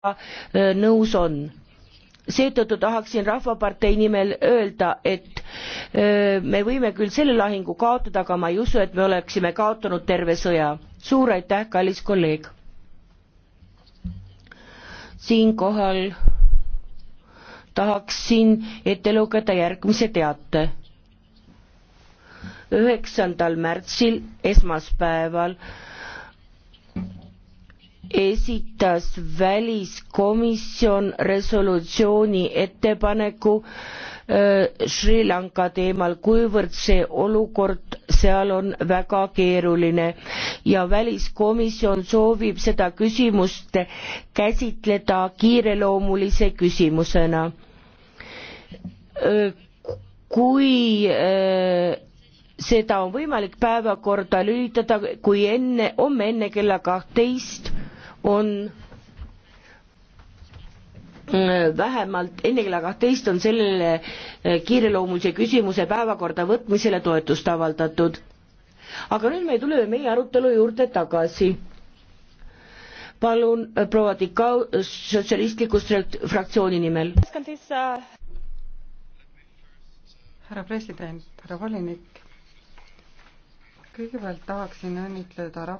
Äh, nõus on seetõttu tahaksin rahvapartei nimel öelda et äh, me võime küll selle lahingu kaotada aga ma ei usu et me oleksime kaotanud terve sõja suur aitäh kallis kolleeg siinkohal tahaksin ette lugeda järgmise teate üheksandal märtsil esmaspäeval esitas väliskomisjon resolutsiooni ettepaneku äh, Sri Lanka teemal, kuivõrd see olukord seal on väga keeruline ja väliskomisjon soovib seda küsimust käsitleda kiireloomulise küsimusena. Äh, kui äh, seda on võimalik päevakorda lülitada, kui enne, homme enne kella kahtteist on äh, vähemalt enne kella kahtteist on sellele äh, kiireloomulise küsimuse päevakorda võtmisele toetust avaldatud. aga nüüd me tuleme meie arutelu juurde tagasi. palun äh, proua Tikau sotsialistlikust fraktsiooni nimel. härra president, härra volinik, kõigepealt tahaksin õnnitleda